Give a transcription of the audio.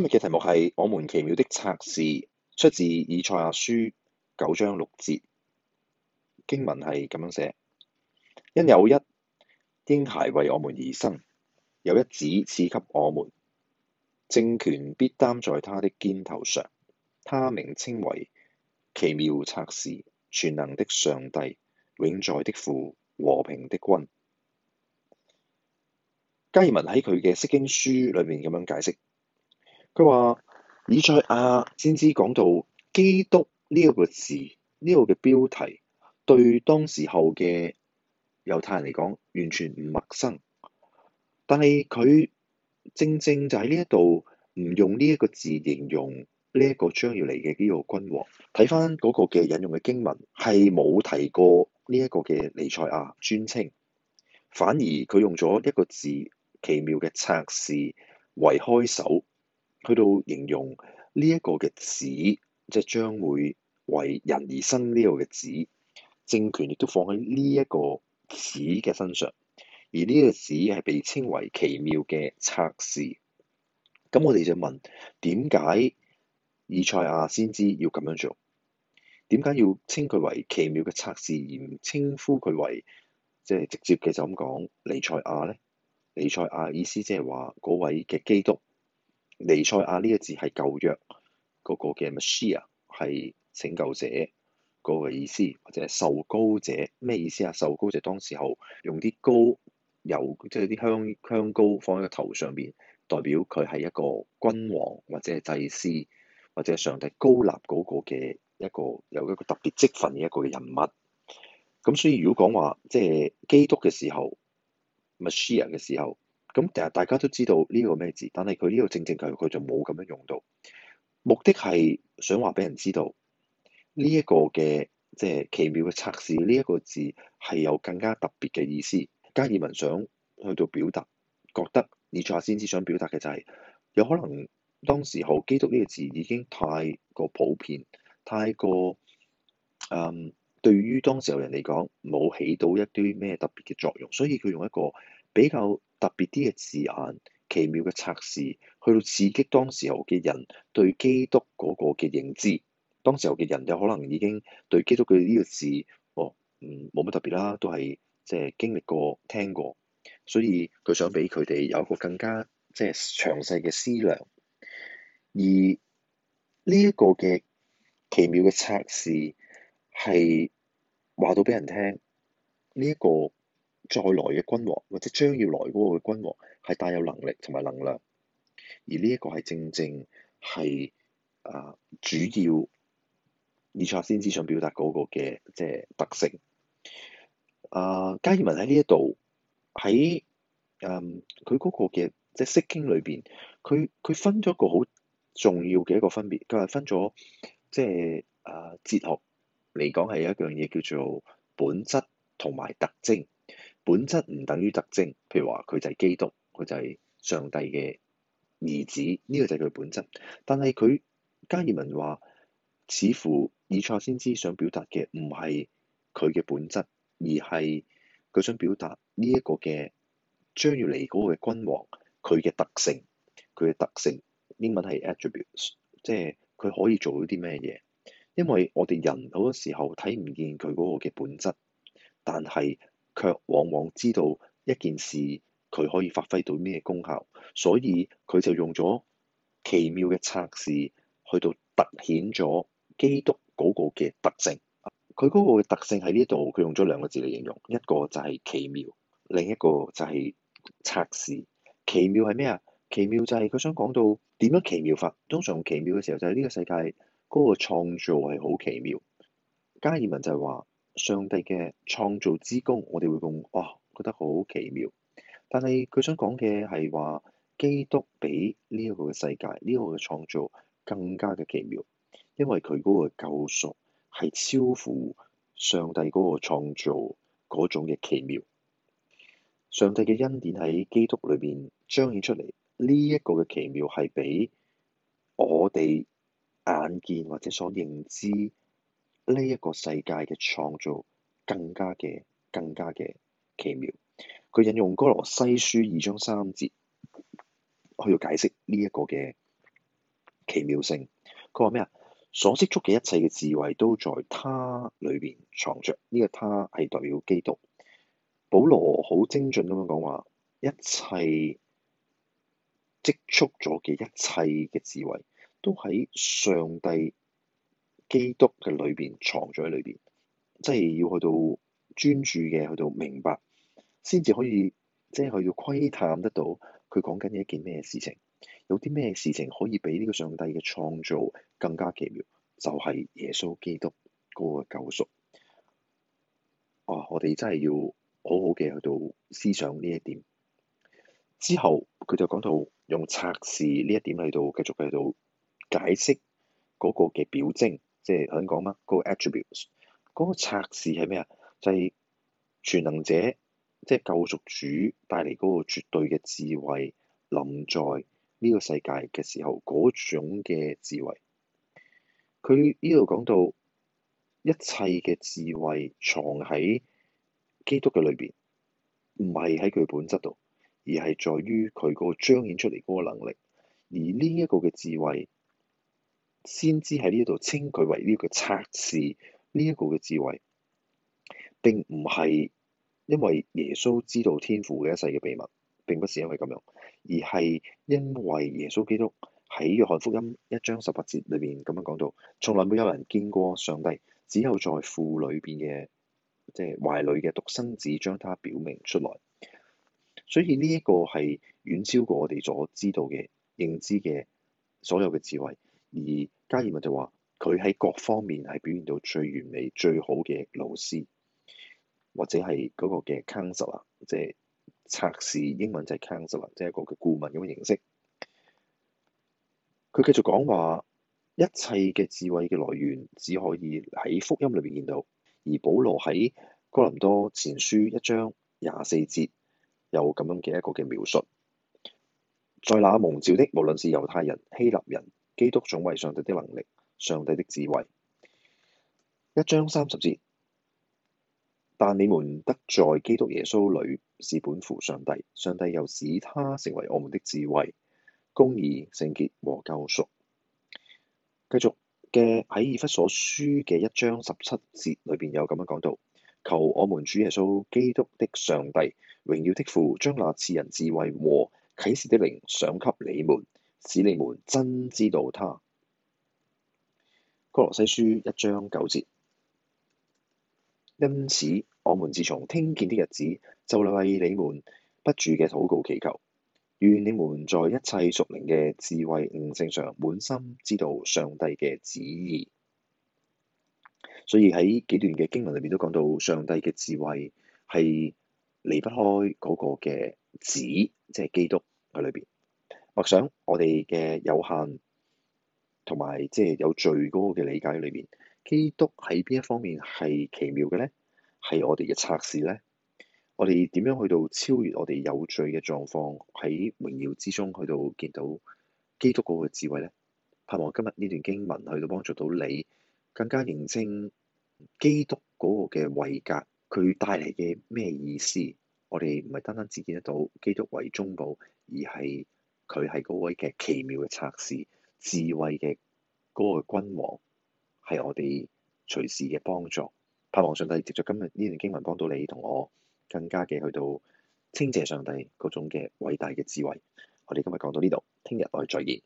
今日嘅題目係我們奇妙的策士，出自以賽亞書九章六節。經文係咁樣寫：因有一嬰孩為我們而生，有一子賜給我們，政權必擔在他的肩頭上，他名稱為奇妙策士、全能的上帝、永在的父、和平的君。加爾文喺佢嘅釋經書裏面咁樣解釋。佢話以賽亞先知講到基督呢一個字，呢、這個嘅標題對當時候嘅猶太人嚟講完全唔陌生，但係佢正正就喺呢一度唔用呢一個字形容呢一個將要嚟嘅呢個君王。睇翻嗰個嘅引用嘅經文係冇提過呢一個嘅彌賽亞專稱，反而佢用咗一個字奇妙嘅策士為開首。去到形容呢一、這個嘅子，即係將會為人而生呢個嘅子，政權亦都放喺呢一個子嘅身上，而呢個子係被稱為奇妙嘅策士。咁我哋就問點解以賽亞先知要咁樣做？點解要稱佢為奇妙嘅策士，而唔稱呼佢為即係、就是、直接嘅就咁講？彌賽亞咧？彌賽亞意思即係話嗰位嘅基督。尼賽亞呢、那個字係舊約嗰個嘅 machia 係拯救者個、那個意思，或者係受膏者咩意思啊？受膏者當時候用啲膏油，即係啲香香膏放喺個頭上邊，代表佢係一個君王或者祭司或者上帝膏立嗰個嘅一個有一個特別積分嘅一個人物。咁所以如果講話即係基督嘅時候，machia 嘅時候。咁其實大家都知道呢個咩字，但係佢呢個正正係佢就冇咁樣用到，目的係想話俾人知道呢一個嘅即係奇妙嘅策士，呢一個字係有更加特別嘅意思。加爾文想去到表達，覺得尼查先至想表達嘅就係、是、有可能當時候基督呢個字已經太過普遍，太過誒、嗯、對於當時候人嚟講冇起到一啲咩特別嘅作用，所以佢用一個比較。特別啲嘅字眼，奇妙嘅策士，去到刺激當時候嘅人對基督嗰個嘅認知。當時候嘅人有可能已經對基督嘅呢個字，哦，嗯，冇乜特別啦，都係即係經歷過、聽過。所以佢想俾佢哋有一個更加即係、就是、詳細嘅思量。而呢一個嘅奇妙嘅策士係話到俾人聽呢一個。再來嘅君王，或者將要來嗰個嘅君王，係帶有能力同埋能量。而呢一個係正正係啊、呃，主要以賽亞先知想表達嗰個嘅即係特性。啊、呃，加爾文喺呢一度喺嗯，佢嗰、呃、個嘅即係《就是、釋經裡面》裏邊，佢佢分咗一個好重要嘅一個分別。佢係分咗即係啊，哲學嚟講係有一樣嘢叫做本質同埋特徵。本質唔等於特徵，譬如話佢就係基督，佢就係上帝嘅兒子，呢、這個就係佢本質。但係佢加爾文話，似乎以賽先知想表達嘅唔係佢嘅本質，而係佢想表達呢一個嘅將要嚟嗰個君王佢嘅特性，佢嘅特性英文係 attribute 即係佢可以做到啲咩嘢？因為我哋人好多時候睇唔見佢嗰個嘅本質，但係。卻往往知道一件事佢可以發揮到咩功效，所以佢就用咗奇妙嘅策士去到凸顯咗基督嗰個嘅特性。佢嗰個嘅特性喺呢度，佢用咗兩個字嚟形容，一個就係奇妙，另一個就係策士。奇妙係咩啊？奇妙就係佢想講到點樣奇妙法？通常奇妙嘅時候就係呢個世界嗰個創造係好奇妙。加爾文就係話。上帝嘅創造之功，我哋會講哇，覺得好奇妙。但係佢想講嘅係話，基督比呢一個嘅世界，呢、這個嘅創造更加嘅奇妙，因為佢嗰個救贖係超乎上帝嗰個創造嗰種嘅奇妙。上帝嘅恩典喺基督裏邊彰顯出嚟，呢、這、一個嘅奇妙係比我哋眼見或者所認知。呢一個世界嘅創造更加嘅更加嘅奇妙。佢引用《哥羅西書》二章三節，去到解釋呢一個嘅奇妙性。佢話咩啊？所積蓄嘅一切嘅智慧，都在他裏面藏着。呢、這個他係代表基督。保羅好精準咁樣講話，一切積蓄咗嘅一切嘅智慧，都喺上帝。基督嘅裏邊藏咗喺裏邊，即係要去到專注嘅去到明白，先至可以即係要窺探得到佢講緊嘅一件咩事情，有啲咩事情可以比呢個上帝嘅創造更加奇妙，就係耶穌基督嗰個救贖。啊，我哋真係要好好嘅去到思想呢一點。之後佢就講到用策士呢一點嚟到繼續去到解釋嗰個嘅表徵。即係肯講嗎？嗰、那個 attributes，嗰個策士係咩啊？就係、是、全能者，即、就、係、是、救贖主帶嚟嗰個絕對嘅智慧臨在呢個世界嘅時候，嗰種嘅智慧。佢呢度講到一切嘅智慧藏喺基督嘅裏邊，唔係喺佢本質度，而係在於佢嗰個彰顯出嚟嗰個能力。而呢一個嘅智慧。先知喺呢度稱佢為呢個策士呢一個嘅智慧，並唔係因為耶穌知道天父嘅一世嘅秘密，並不是因為咁樣，而係因為耶穌基督喺約翰福音一章十八節裏面咁樣講到，從來沒有人見過上帝，只有在父裏邊嘅即係懷裏嘅獨生子將他表明出來。所以呢一個係遠超過我哋所知道嘅認知嘅所有嘅智慧。而加爾文就話：佢喺各方面係表現到最完美、最好嘅老師，或者係嗰個嘅 counselor 即係策士，英文就係 counselor 即係一個嘅顧問咁嘅形式。佢繼續講話：一切嘅智慧嘅來源只可以喺福音裏面見到。而保羅喺哥林多前書一章廿四節有咁樣嘅一個嘅描述，在那蒙召的，無論是猶太人、希臘人。基督總為上帝的能力、上帝的智慧。一章三十節，但你們得在基督耶穌裏是本乎上帝，上帝又使他成為我們的智慧、公義、聖潔和救贖。繼續嘅喺以弗所書嘅一章十七節裏邊有咁樣講到：求我們主耶穌基督的上帝榮耀的父，將那賜人智慧和啟示的靈賞給你們。使你們真知道他，哥羅西書一章九節。因此，我們自從聽見的日子，就為你們不住嘅禱告祈求，願你們在一切屬靈嘅智慧悟性上，滿心知道上帝嘅旨意。所以喺幾段嘅經文裡面都講到，上帝嘅智慧係離不開嗰個嘅子，即係基督喺裏邊。我想我哋嘅有限同埋，即係有，有罪嗰個嘅理解裏面，基督喺邊一方面係奇妙嘅咧？係我哋嘅策士咧？我哋點樣去到超越我哋有罪嘅狀況，喺榮耀之中去到見到基督嗰個智慧咧？盼望今日呢段經文去到幫助到你更加認清基督嗰個嘅位格，佢帶嚟嘅咩意思？我哋唔係單單只見得到基督為中保，而係，佢係嗰位嘅奇妙嘅策士，智慧嘅嗰個君王，係我哋隨時嘅幫助。盼望上帝藉著今日呢段經文，幫到你同我更加嘅去到稱謝上帝嗰種嘅偉大嘅智慧。我哋今日講到呢度，聽日我哋再見。